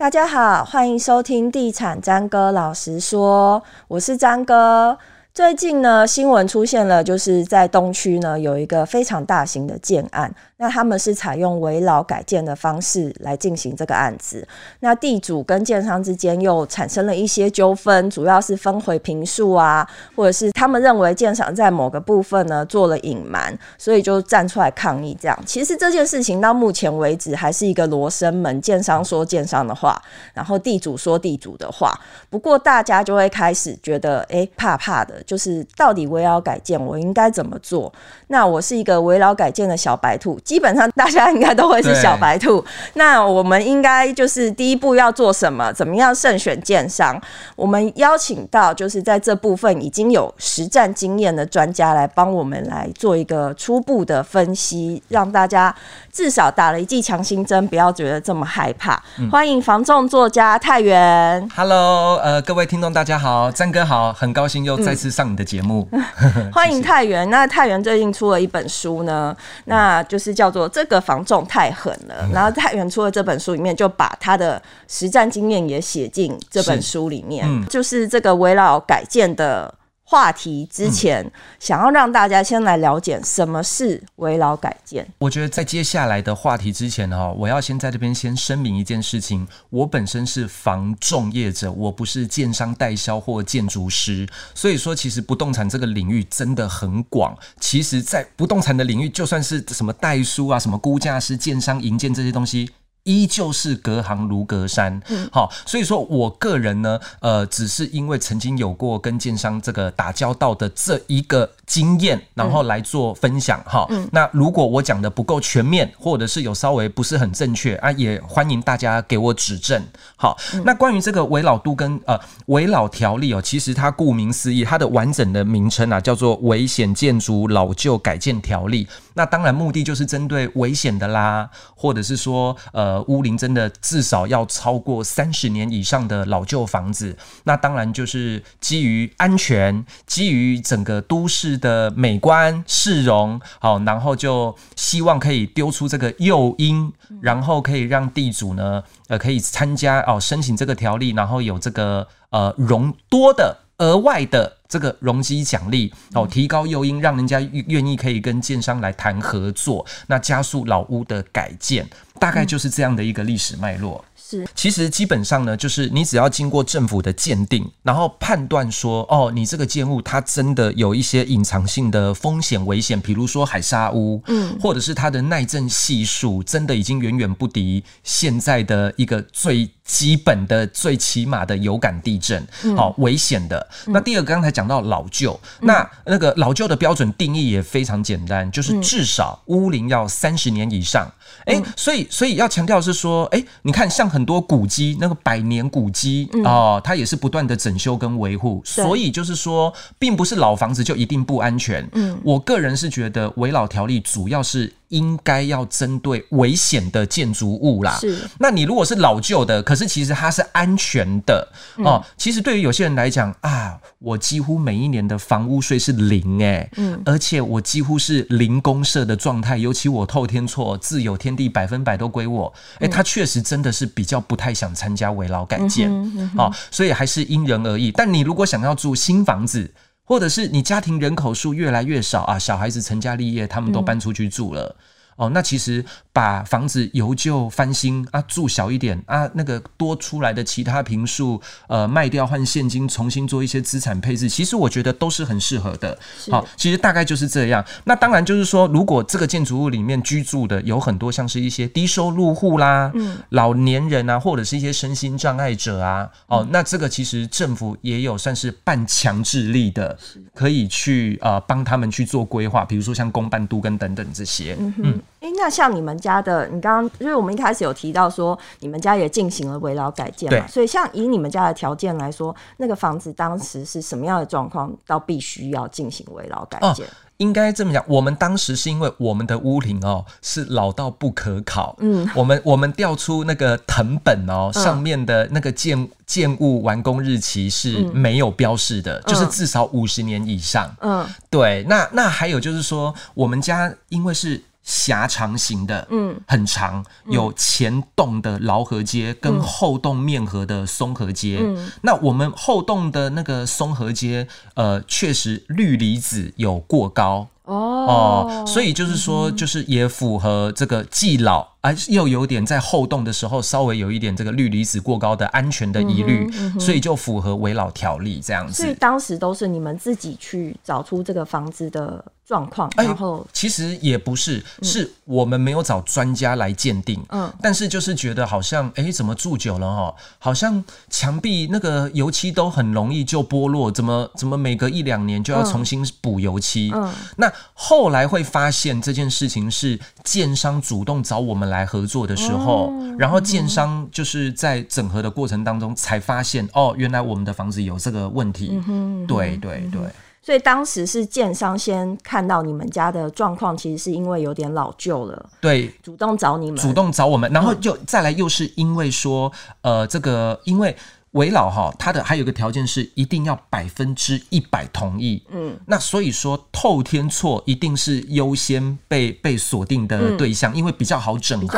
大家好，歡迎收聽《地產詹哥老實說》，我是詹哥。最近呢，新聞出現了，就是在東區呢，有一個非常大型的建案。那他們是採用危老改建的方式來進行這個案子。那地主跟建商之間又產生了一些糾紛，主要是分回坪數啊，或者是他們認為建商在某個部分呢做了隱瞞，所以就站出來抗議。這樣，其實這件事情到目前為止還是一個羅生門，建商說建商的話，然後地主說地主的話。不過大家就會開始覺得，誒、欸、怕怕的，就是到底危老改建我應該怎麼做？那我是一個危老改建的小白兔。基本上大家應該都會是小白兔，對那我們應該就是第一步要做什麼？怎麼樣慎選建商。我們邀請到就是在這部分已經有實戰經驗的專家來幫我們來做一個初步的分析，讓大家至少打了一劑強心針，不要覺得這麼害怕。嗯、歡迎房仲作家泰源。Hello，呃，各位聽眾大家好，詹哥好，很高興又再次上你的節目。嗯、 歡迎泰源。謝謝，那泰源最近出了一本書呢，嗯、那就是。叫做這個《房仲太狠了》，嗯、然後泰源出的這本書裡面就把他的實戰經驗也寫進這本書裡面，是，嗯、就是這個危老改建的，話題之前，嗯、想要讓大家先來了解什麼是危老改建。我覺得在接下來的話題之前哈，我要先在這邊先聲明一件事情：我本身是房仲業者，我不是建商代銷或建築師。所以說，其實不動產這個領域真的很廣。其實，在不動產的領域，就算是什麼代書啊、什麼估價師、建商營建這些東西。依舊是隔行如隔山，嗯、好，所以說我個人呢，呃，只是因為曾經有過跟建商這個打交道的這一個經驗，然後來做分享哈、嗯。那如果我講的不夠全面，或者是有稍微不是很正確啊，也歡迎大家給我指正。好，嗯、那關於這個危老都跟呃危老條例哦、喔，其實它顧名思義，它的完整的名稱啊叫做《危險建築老舊改建條例》。那當然目的就是針對危險的啦，或者是說呃。呃，屋齡真的至少要超過三十年以上的老舊房子，那當然就是基於安全，基於整個都市的美觀市容，好、哦，然後就希望可以丟出這個誘因，然後可以讓地主呢，呃，可以參加哦，申請這個條例，然後有這個呃容多的。額外的這個容積獎勵哦，提高誘因，讓人家願意可以跟建商來談合作，那加速老屋的改建，大概就是這樣的一個歷史脈絡。嗯。是，其實基本上呢，就是你只要經過政府的鑑定，然後判斷說，哦，你這個建物它真的有一些隱藏性的風險危險，比如說海砂屋，嗯，或者是它的耐震係數真的已經遠遠不敵現在的一個最。基本的最起碼的有感地震，好、嗯哦、危險的。嗯、那第二個剛才講到老舊，嗯、那那個老舊的標準定義也非常簡單，嗯、就是至少屋齡要三十年以上。誒、欸嗯，所以所以要強調是說，誒、欸，你看像很多古跡，那個百年古跡、嗯、哦，它也是不斷的整修跟維護。嗯、所以就是說，並不是老房子就一定不安全。嗯，我個人是覺得危老條例主要是。應該要針對危險的建築物啦。是，那你如果是老舊的，可是其實它是安全的、嗯、哦。其實對於有些人來講啊，我幾乎每一年的房屋稅是零誒、嗯，而且我幾乎是零公設的狀態，尤其我透天厝自有天地，百分百都歸我。誒、欸嗯、他確實真的是比較不太想參加危老改建。嗯嗯、哦。所以還是因人而異。但你如果想要住新房子。或者是你家庭人口數越來越少啊，小孩子成家立業，他們都搬出去住了。嗯哦，那其實把房子由舊翻新啊，住小一點啊，那個多出來的其他坪數呃賣掉換現金，重新做一些資產配置，其實我覺得都是很適合的。好是、哦，其實大概就是這樣。那當然就是說，如果這個建築物裡面居住的有很多像是一些低收入戶啦，嗯，老年人啊，或者是一些身心障礙者啊，哦，那這個其實政府也有算是半強制力的，是可以去呃幫他們去做規劃，比如說像公辦都更等等這些，嗯，哼嗯。哎，那像你們家的，你剛剛就是我們一開始有提到說，你們家也進行了危老改建嘛？對所以像以你們家的條件來說，那個房子當時是什麼樣的狀況，到必須要進行危老改建，哦？應該這麼講，我們當時是因為我們的屋頂哦是老到不可考。嗯。我們我們調出那個謄本哦上面的那個建，嗯、建物完工日期是沒有標示的，嗯、就是至少五十年以上。嗯。對，那那還有就是說，我們家因為是。狹長型的，嗯，很長，有前棟的勞河街、嗯、跟後棟面河的松河街。嗯、那我們後棟的那個松河街，呃，確實氯離子有過高。Oh, 哦，所以就是說，就是也符合這個危老，而、嗯哼啊、又有點在後動的時候，稍微有一點這個氯離子過高的安全的疑慮，嗯嗯、所以就符合危老條例這樣子。所以當時都是你們自己去找出這個房子的狀況，然後、欸、其實也不是，是我們沒有找專家來鑑定，嗯，但是就是覺得好像，哎、欸，怎麼住久了哦，好像牆壁那個油漆都很容易就剝落，怎麼怎麼每隔一兩年就要重新補油漆，嗯，嗯那。後來會發現這件事情是建商主動找我們來合作的時候，哦、然後建商就是在整合的過程當中才發現，哦，哦，原來我們的房子有這個問題。嗯、哼對對對、嗯，所以當時是建商先看到你們家的狀況，其實是因為有點老舊了。對，主動找你們，主動找我們，然後就再來又是因為說，嗯、呃，這個因為。危老哈、哦，他的還有一個條件是一定要百分之一百同意。嗯，那所以說透天厝一定是優先被被鎖定的對象，嗯、因為比較好整合，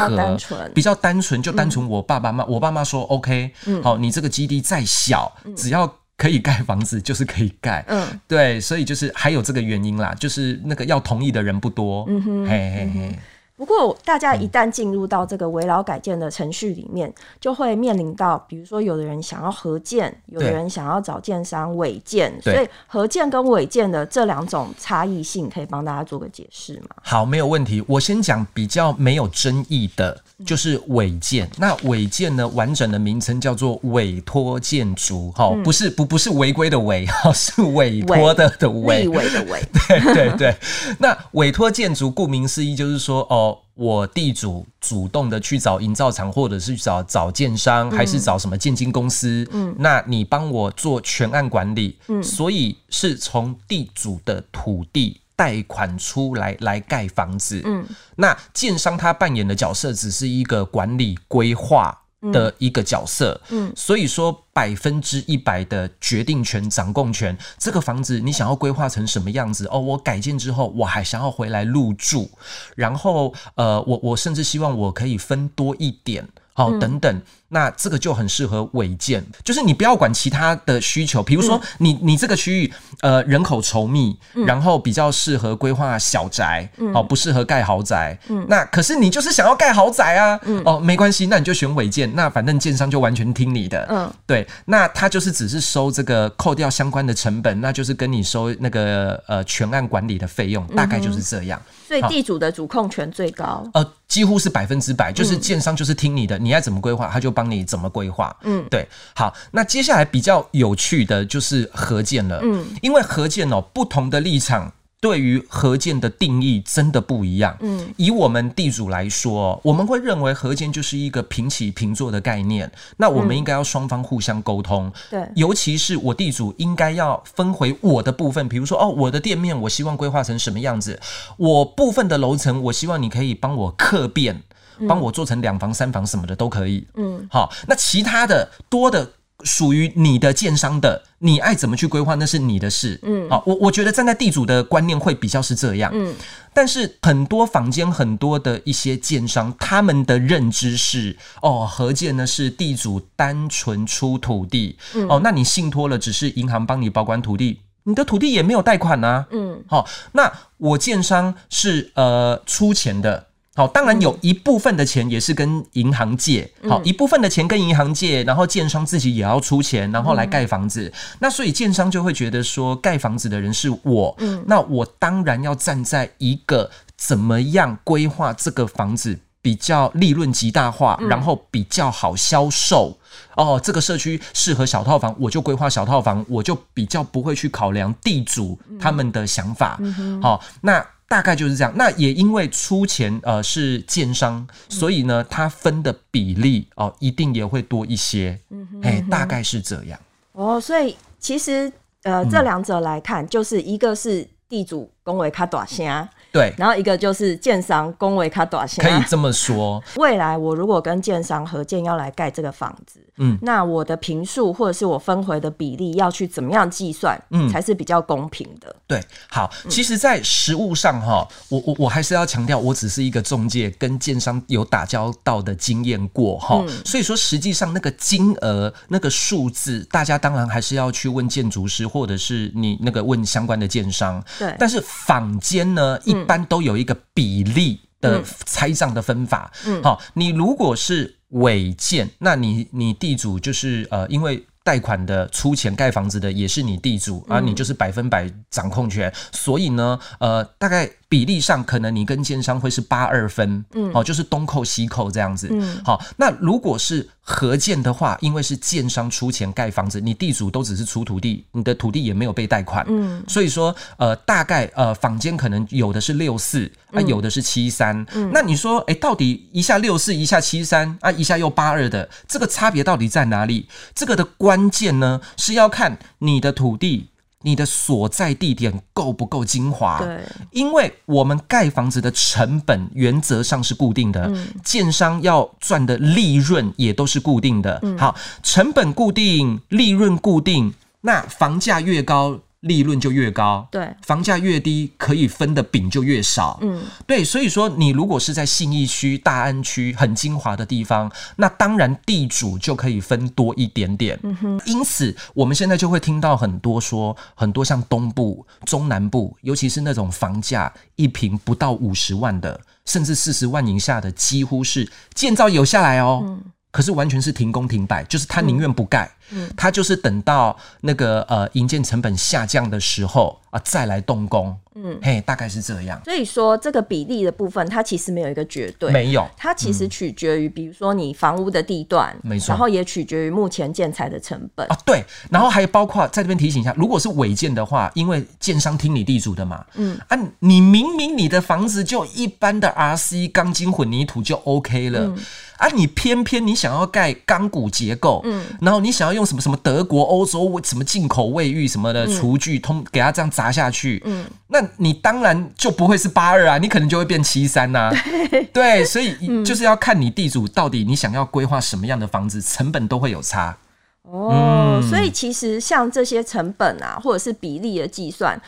比較單純，單純就單純，我爸爸媽媽、嗯、我爸媽說 OK，好、嗯哦、你這個基地再小，只要可以蓋房子就是可以蓋。嗯，對，所以就是還有這個原因啦，就是那個要同意的人不多。嗯哼，嘿嘿嘿。嗯。不過大家一旦進入到這個危老改建的程序裡面，嗯、就會面臨到，比如說有的人想要合建，有的人想要找建商委建，對所以合建跟委建的這兩種差異性，可以幫大家做個解釋嗎？好，沒有問題。我先講比較沒有爭議的，就是委建。嗯、那委建呢，完整的名稱叫做委托建築，哈、嗯哦，不是不不是違規的違，是委托的的委委的委，對對對。 那委托建築，顧名思義就是說，哦。我地主主動的去找營造廠，或者是找找建商，還是找什麼建金公司？嗯，嗯，那你幫我做全案管理，嗯，所以是從地主的土地貸款出來來蓋房子，嗯，那建商他扮演的角色只是一個管理規劃，的一個角色，嗯，嗯，所以說百分之一百的決定權、掌控權，這個房子你想要規劃成什麼樣子？哦，我改建之後，我還想要回來入住，然後呃，我我甚至希望我可以分多一點哦，等等。嗯。那這個就很適合委建，就是你不要管其他的需求，比如說你、嗯、你這個區域呃人口稠密，嗯、然後比較適合規劃小宅，嗯、哦不適合蓋豪宅，嗯、那可是你就是想要蓋豪宅啊，嗯、哦沒關係，那你就選委建，那反正建商就完全聽你的，嗯、對，那他就是只是收這個扣掉相關的成本，那就是跟你收那個呃全案管理的費用，大概就是這樣、嗯，所以地主的主控權最高，哦、呃幾乎是百分之百，就是建商就是聽你的，你愛怎麼規劃他就幫幫你怎麼規劃，嗯，對，好。那接下來比較有趣的就是合建了。嗯，因為合建哦，不同的立場對於合建的定義真的不一樣。嗯，以我們地主來說，我們會認為合建就是一個平起平坐的概念。那我們應該要雙方互相溝通、嗯。對，尤其是我地主應該要分回我的部分，比如說哦，我的店面我希望規劃成什麼樣子，我部分的樓層我希望你可以幫我客變。幫我做成兩房、三房什麼的都可以。嗯，好、哦，那其他的多的屬於你的建商的，你愛怎麼去規劃那是你的事。嗯、好、哦，我我覺得站在地主的觀念會比較是這樣。嗯，但是很多坊間很多的一些建商，他們的認知是哦，合建呢是地主單純出土地。嗯、哦，那你信託了，只是銀行幫你保管土地，你的土地也沒有貸款啊。嗯、好、哦，那我建商是呃出錢的。好，當然有一部分的錢也是跟銀行借，嗯、好一部分的錢跟銀行借，然後建商自己也要出錢，然後來蓋房子。嗯、那所以建商就會覺得說，蓋房子的人是我，嗯、那我當然要站在一個怎麼樣規劃這個房子比較利潤極大化，然後比較好銷售。嗯、哦，這個社區適合小套房，我就規劃小套房，我就比較不會去考量地主他們的想法。嗯、好，那。大概就是這樣。那也因為出錢呃是建商，所以呢，他分的比例哦、呃，一定也會多一些。嗯，哼嗯哼，哎、欸，大概是這樣。哦，所以其實呃，這兩者來看，嗯、就是一個是地主講話卡大聲。嗯對，然後一個就是建商公維卡短線，可以這麼說。未來我如果跟建商合建要來蓋這個房子，嗯，那我的坪數或者是我分回的比例要去怎麼樣計算，嗯，才是比較公平的。對，好，其實，在實務上哈，嗯、我我我還是要強調，我只是一個中介，跟建商有打交道的經驗過哈，嗯、所以說實際上那個金額、那個數字，大家當然還是要去問建築師或者是你那個問相關的建商。對，但是坊間呢一。嗯一般都有一個比例的拆賬的分法。好、嗯哦，你如果是委建，那你你地主就是呃，因為貸款的出錢蓋房子的也是你地主，啊，你就是百分百掌控權。嗯、所以呢，呃，大概。比例上，可能你跟建商會是八二分，嗯，哦，就是東扣西扣這樣子，嗯，好，那如果是合建的話，因為是建商出錢蓋房子，你地主都只是出土地，你的土地也沒有被貸款，嗯，所以說，呃，大概呃，坊間可能有的是六四，啊，有的是七三，嗯，那你說，誒，到底一下六四，一下七三，啊，一下又八二的，這個差別到底在哪裡？這個的關鍵呢，是要看你的土地。你的所在地點夠不夠精華？對因為我們蓋房子的成本原則上是固定的，嗯、建商要賺的利潤也都是固定的。嗯、好，成本固定，利潤固定，那房價越高。利潤就越高，對，房價越低，可以分的餅就越少。嗯，對，所以說你如果是在信義區、大安區很精華的地方，那當然地主就可以分多一點點。嗯、哼因此我們現在就會聽到很多說，很多像東部、中南部，尤其是那種房價一坪不到五十萬的，甚至四十萬以下的，幾乎是建造有下來哦，嗯、可是完全是停工停擺，就是他寧願不蓋。嗯嗯，它就是等到那個呃，營建成本下降的時候啊、呃，再來動工。嗯，嘿，大概是這樣。所以說，這個比例的部分，它其實沒有一個絕對，沒有。嗯、它其實取決於，比如說你房屋的地段，沒錯。然後也取決於目前建材的成本啊，對。然後還有包括在這邊提醒一下，嗯、如果是委建的話，因為建商聽你地主的嘛，嗯啊，你明明你的房子就一般的 RC 鋼筋混凝土就 OK 了，嗯、啊，你偏偏你想要蓋鋼骨結構，嗯，然後你想要。用什麼什麼德國歐洲什麼進口衛浴什麼的廚具，通、嗯、給他這樣砸下去，嗯、那你當然就不會是八二啊，你可能就會變七三啊。對，對，所以就是要看你地主到底你想要規劃什麼樣的房子，成本都會有差。哦，嗯、所以其實像這些成本啊，或者是比例的計算。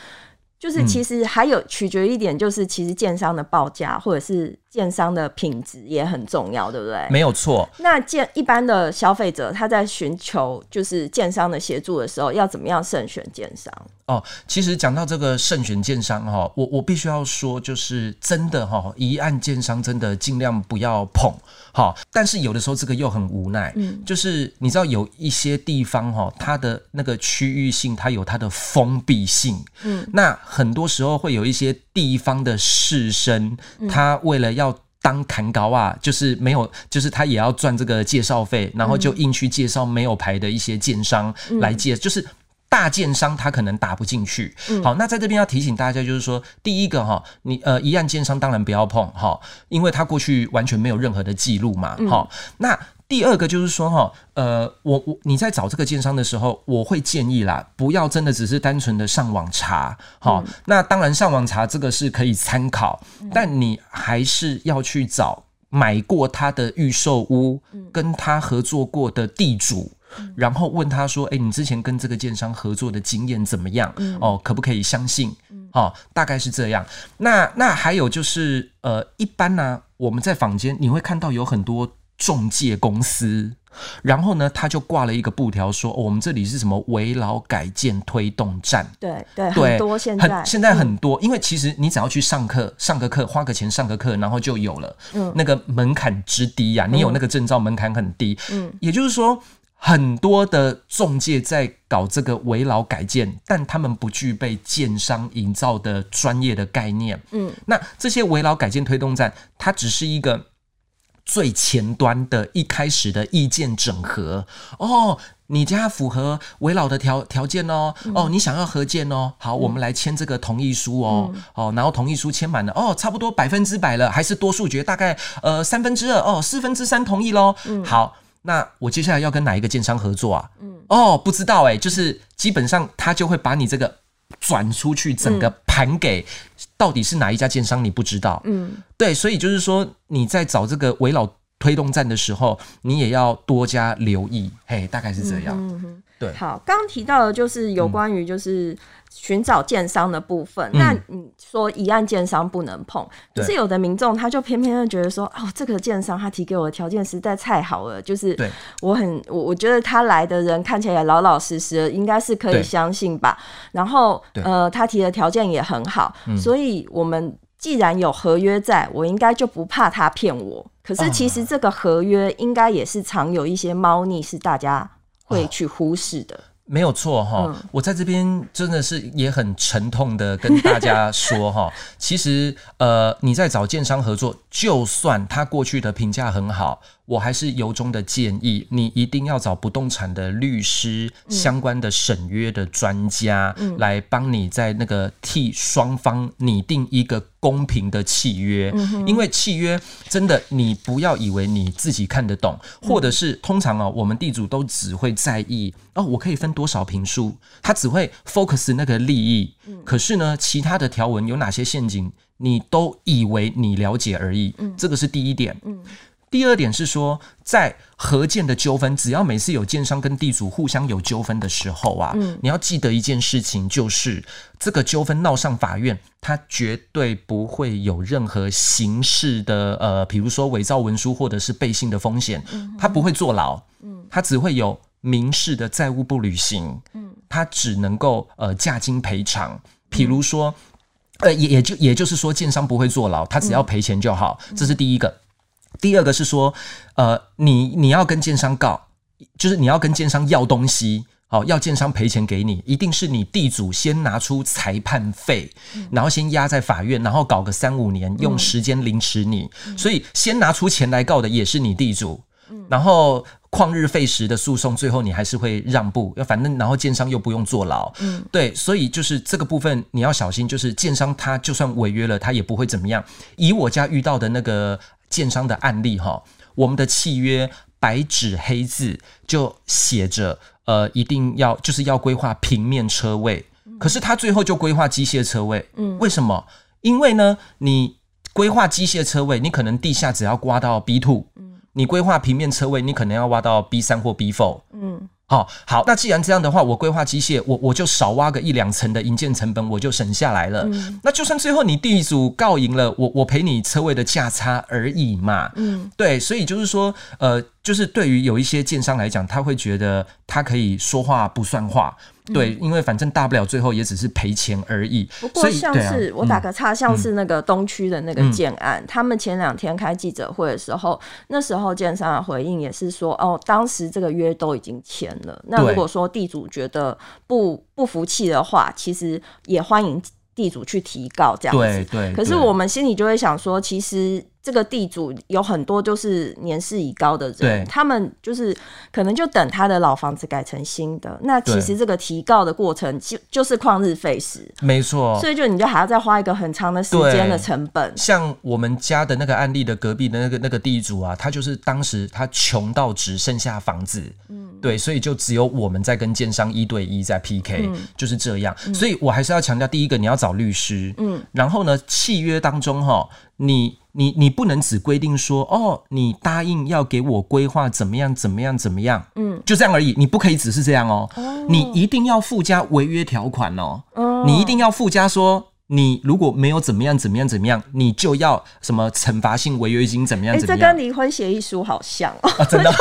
就是其實還有取決一點，就是其實建商的報價或者是建商的品質也很重要，對不對？沒有錯。那一般的消費者他在尋求就是建商的協助的時候，要怎麼樣慎選建商？哦，其實講到這個慎選建商哈，我我必須要說，就是真的哈，一案建商真的盡量不要碰哈。但是有的時候這個又很無奈，嗯，就是你知道有一些地方哈，它的那個區域性它有它的封閉性，嗯，那。很多時候會有一些地方的士紳，嗯、他為了要當砍高啊，就是沒有，就是他也要賺這個介紹費，然後就硬去介紹沒有牌的一些建商來借，嗯、就是大建商他可能打不進去。嗯、好，那在這邊要提醒大家，就是說，嗯、第一個哈，你呃，一案建商當然不要碰哈，因為他過去完全沒有任何的記錄嘛。好、嗯，那。第二個就是說哈，呃，我我你在找這個建商的時候，我會建議啦，不要真的只是單純的上網查，哈，嗯、那當然上網查這個是可以參考，嗯、但你還是要去找買過他的預售屋，嗯、跟他合作過的地主，嗯、然後問他說，欸，你之前跟這個建商合作的經驗怎麼樣？嗯、哦，可不可以相信？啊，大概是這樣。那那還有就是，呃，一般呢，啊，我們在坊間你會看到有很多，中介公司，然後呢，他就掛了一個布條說，說、哦：“我們這裡是什麼危老改建推動站？”對對，對對很多現在很，現在很多，嗯、因為其實你只要去上課，上個課花個錢上個課，然後就有了，嗯，那個門檻之低呀、啊，嗯、你有那個證照，門檻很低，嗯，也就是說，很多的中介在搞這個危老改建，但他們不具備建商營造的專業的概念，嗯，那這些危老改建推動站，它只是一個。最前端的一開始的意見整合哦，你家符合危老的條條件哦，哦，你想要合建哦，好，嗯、我們來簽這個同意書哦，嗯、哦，然後同意書簽滿了哦，差不多百分之百了，還是多數決，大概呃三分之二哦，四分之三同意嘍。嗯，好，那我接下來要跟哪一個建商合作啊？嗯，哦，不知道誒、欸，就是基本上他就會把你這個。轉出去整個盤給，嗯、到底是哪一家建商？你不知道，嗯，對，所以就是說你在找這個危老推動站的時候，你也要多加留意，嘿，大概是這樣。嗯哼嗯哼對，好，剛提到的就是有關於就是。尋找建商的部分，那你說一案建商不能碰，嗯、可是有的民眾他就偏偏就覺得說，對哦，這個建商他提給我的條件實在太好了，就是我很我對我覺得他來的人看起來也老老實實，應該是可以相信吧。對然後對呃，他提的條件也很好，對所以我們既然有合約在，我應該就不怕他騙我。嗯、可是其實這個合約應該也是常有一些貓膩，是大家會去忽視的。哦哦沒有錯哈，哦嗯、我在這邊真的是也很沉痛的跟大家說哈， 其實呃你在找建商合作，就算他過去的評價很好。我還是由衷的建議你一定要找不動產的律師、嗯、相關的審約的專家、嗯、來幫你在那個替雙方擬定一個公平的契約，嗯、哼因為契約真的，你不要以為你自己看得懂，嗯、或者是通常啊、哦，我們地主都只會在意哦，我可以分多少坪數？他只會 focus 那個利益，嗯、可是呢，其他的條文有哪些陷阱，你都以為你了解而已，嗯、這個是第一點。嗯第二點是說，在合建的糾紛，只要每次有建商跟地主互相有糾紛的時候啊，嗯、你要記得一件事情，就是這個糾紛鬧上法院，他絕對不會有任何刑事的，呃，比如說偽造文書或者是背信的風險，他不會坐牢，他只會有民事的債務不履行，他只能夠呃價金賠償，譬如說，嗯、呃，也也就也就是說，建商不會坐牢，他只要賠錢就好，嗯、這是第一個。第二個是說，呃，你你要跟建商告，就是你要跟建商要東西，好、哦，要建商賠錢給你，一定是你地主先拿出裁判費，嗯、然後先押在法院，然後搞個三五年，用時間凌遲你，嗯、所以先拿出錢來告的也是你地主，嗯、然後曠日費時的訴訟，最後你還是會讓步，要反正，然後建商又不用坐牢，嗯，對，所以就是這個部分你要小心，就是建商他就算違約了，他也不會怎麼樣。以我家遇到的那個。建商的案例哈，我們的契約白紙黑字就寫着，呃，一定要就是要規劃平面車位，可是他最後就規劃機械車位，嗯。為什麼？因為呢，你規劃機械車位，你可能地下只要挖到 B two，你規劃平面車位，你可能要挖到 B 三或 B four，嗯。哦，好，那既然這樣的話，我規劃機械，我我就少挖個一兩層的營建成本，我就省下來了。嗯、那就算最後你地主告贏了，我我賠你車位的價差而已嘛。嗯，對，所以就是說，呃。就是對於有一些建商來講，他會覺得他可以說話不算話，嗯、對，因為反正大不了最後也只是賠錢而已。不過像是，啊嗯、我打個岔，像是那個東區的那個建案，嗯嗯、他們前兩天開記者會的時候，嗯、那時候建商的回應也是說，哦，當時這個約都已經簽了。對、那如果說地主覺得不不服氣的話，其實也歡迎地主去提告這樣子。對對。對對，可是我們心裡就會想說，其實。這個地主有很多就是年事已高的人，對他們就是可能就等他的老房子改成新的。對那其實這個提告的過程就就是曠日費時，沒錯。所以就你就還要再花一個很長的時間的成本。像我們家的那個案例的隔壁的那個那個地主啊，他就是當時他窮到只剩下房子，嗯，對，所以就只有我們在跟建商一對一在 PK，、嗯、就是這樣。嗯、所以我還是要強調，第一個你要找律師，嗯，然後呢，契約當中哈、哦，你。你你不能只規定說哦，你答應要給我規劃怎麼樣怎麼樣怎麼樣，嗯，就這樣而已，你不可以只是這樣、喔、哦，你一定要附加違約條款、喔、哦，你一定要附加說。你如果沒有怎麼樣怎麼樣怎麼樣，你就要什麼懲罰性違約金？怎麼樣？怎麼樣？欸，這跟離婚協議書好像哦、喔啊，真的嗎，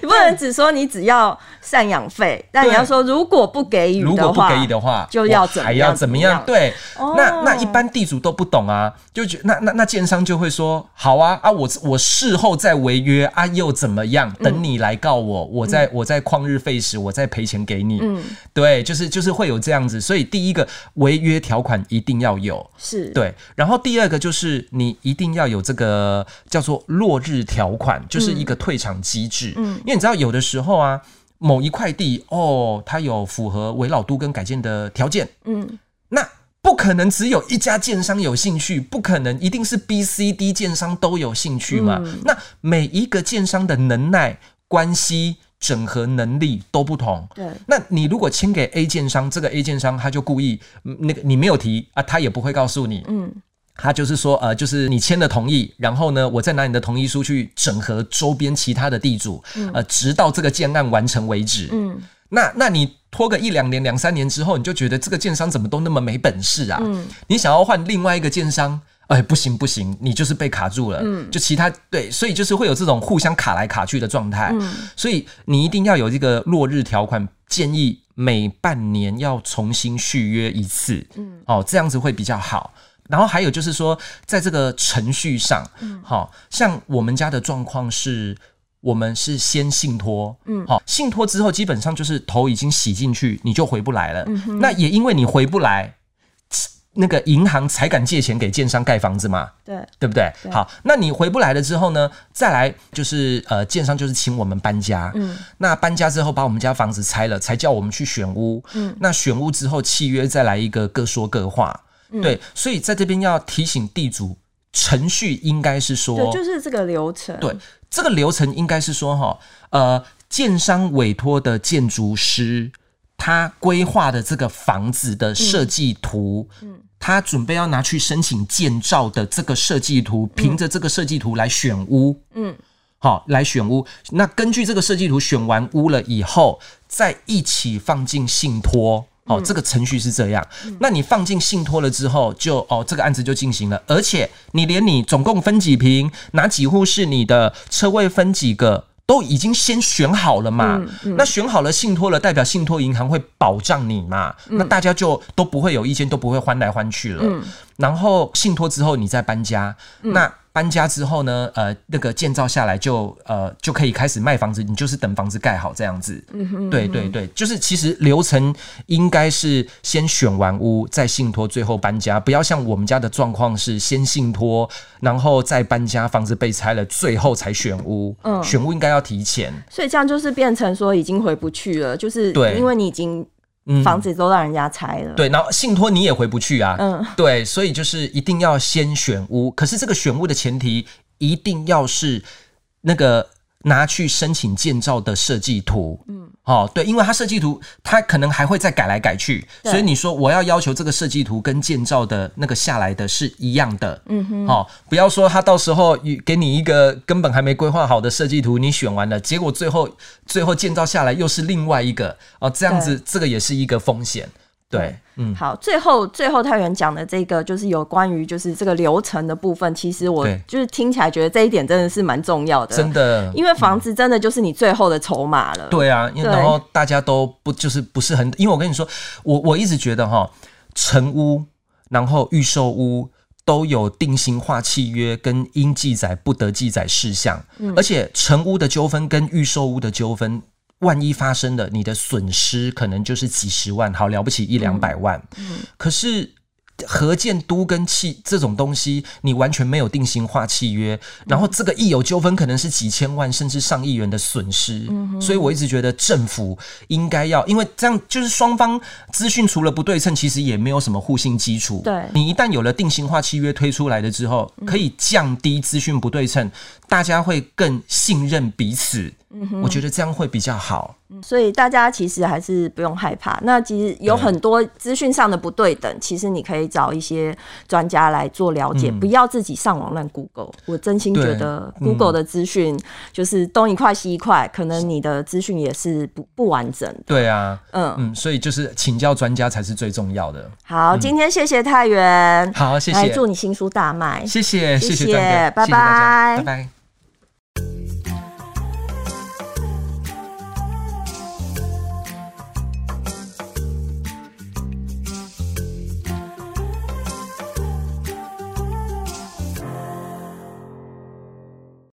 你不能只說你只要贍養費，對但你要說如果不給予的話，如果不給予的話，就要怎麼樣怎麼樣還要怎麼樣？對，哦、那那一般地主都不懂啊，就覺那那那奸商就會說，好啊啊，我我事後再違約啊又怎麼樣？等你來告我，嗯、我在我在曠日費時，我再賠錢給你。嗯，對，就是就是會有這樣子，所以第一個違約條款一定。一定要有，是對，然後第二個就是你一定要有這個叫做落日條款，就是一個退場機制。嗯，嗯，因為你知道有的時候啊，某一塊地哦，它有符合危老都更改建的條件，嗯，那不可能只有一家建商有興趣，不可能一定是 B、C、D 建商都有興趣嘛。嗯，那每一個建商的能耐關係整合能力都不同，對，那你如果簽給 A 建商，這個 A 建商他就故意那個你沒有提啊，他也不會告訴你，嗯，他就是說呃，就是你簽的同意，然後呢，我再拿你的同意書去整合周邊其他的地主，嗯、呃，直到這個建案完成為止，嗯，那那你拖個一兩年、兩三年之後，你就覺得這個建商怎麼都那麼沒本事啊？嗯、你想要換另外一個建商。哎、欸，不行不行，你就是被卡住了。嗯，就其他對，所以就是會有這種互相卡來卡去的狀態。嗯，所以你一定要有這個落日條款，建議每半年要重新續約一次。嗯，哦，這樣子會比較好。然後還有就是說，在這個程序上，嗯，好、哦、像我們家的狀況是我們是先信託，嗯，好、哦，信託之後基本上就是頭已經洗進去，你就回不來了。嗯哼，那也因為你回不來。嗯那個銀行才敢借錢給建商蓋房子嘛？對，對不對？對，好，那你回不來了之後呢？再來就是呃，建商就是請我們搬家。嗯，那搬家之後把我們家房子拆了，才叫我們去選屋。嗯，那選屋之後契約再來一個各說各話。嗯，對，所以在這邊要提醒地主，程序應該是說，對，就是這個流程。對，這個流程應該是說哈，呃，建商委托的建築師他規劃的這個房子的設計圖，嗯。嗯他準備要拿去申請建造的這個設計圖，憑着這個設計圖來選屋，嗯，好、哦、來選屋。那根據這個設計圖選完屋了以後，再一起放進信託，哦，這個程序是這樣。嗯、那你放進信託了之後，就哦這個案子就進行了，而且你連你總共分幾坪，哪幾戶是你的，車位分幾個。都已經先選好了嘛，嗯嗯、那選好了信託了，代表信託銀行會保障你嘛，嗯、那大家就都不會有意見，都不會換來換去了。嗯然後信託之後，你再搬家。嗯、那搬家之後呢？呃，那個建造下來就呃就可以開始賣房子。你就是等房子蓋好這樣子。嗯哼嗯哼，對對對，就是其實流程應該是先選完屋，再信託，最後搬家。不要像我們家的狀況是先信託，然後再搬家，房子被拆了，最後才選屋。嗯，選屋應該要提前。所以這樣就是變成說已經回不去了，就是對，因為你已經。房子都讓人家拆了，嗯，對，然後信託你也回不去啊，嗯，對，所以就是一定要先選屋，可是這個選屋的前提一定要是那個。拿去申請建造的設計圖，嗯，哦，對，因為他設計圖他可能還會再改來改去，對所以你說我要要求這個設計圖跟建造的那個下來的是一樣的，嗯哼，哦，不要說他到時候給給你一個根本還沒規劃好的設計圖，你選完了，結果最後最後建造下來又是另外一個，哦，這樣子對這個也是一個風險。對，嗯，好，最後最後，泰源講的這個就是有關於就是這個流程的部分，其實我就是聽起來覺得這一點真的是蠻重要的，真的，因為房子真的就是你最後的籌碼了。嗯，對啊，對然後大家都不就是不是很，因為我跟你說，我我一直覺得哈，成屋然後預售屋都有定型化契約跟應記載不得記載事項，嗯、而且成屋的糾紛跟預售屋的糾紛。萬一發生了，你的損失可能就是幾十萬，好了不起一兩百萬。嗯嗯、可是合建都跟契這種東西，你完全沒有定型化契約，嗯、然後這個一有糾紛，可能是幾千萬甚至上億元的損失。嗯、哼所以我一直覺得政府應該要，因為這樣就是雙方資訊除了不對稱，其實也沒有什麼互信基礎。對，你一旦有了定型化契約推出來了之後，可以降低資訊不對稱，嗯、大家會更。信任彼此，我覺得這樣會比較好。嗯，所以大家其實還是不用害怕。那其實有很多資訊上的不對等，其實你可以找一些專家來做了解，不要自己上網亂 Google。我真心覺得 Google 的資訊就是東一塊西一塊，可能你的資訊也是不不完整的。對啊，嗯嗯，所以就是請教專家才是最重要的。好，今天謝謝泰源，好，謝謝，祝你新書大賣，謝謝謝謝，拜拜，拜拜。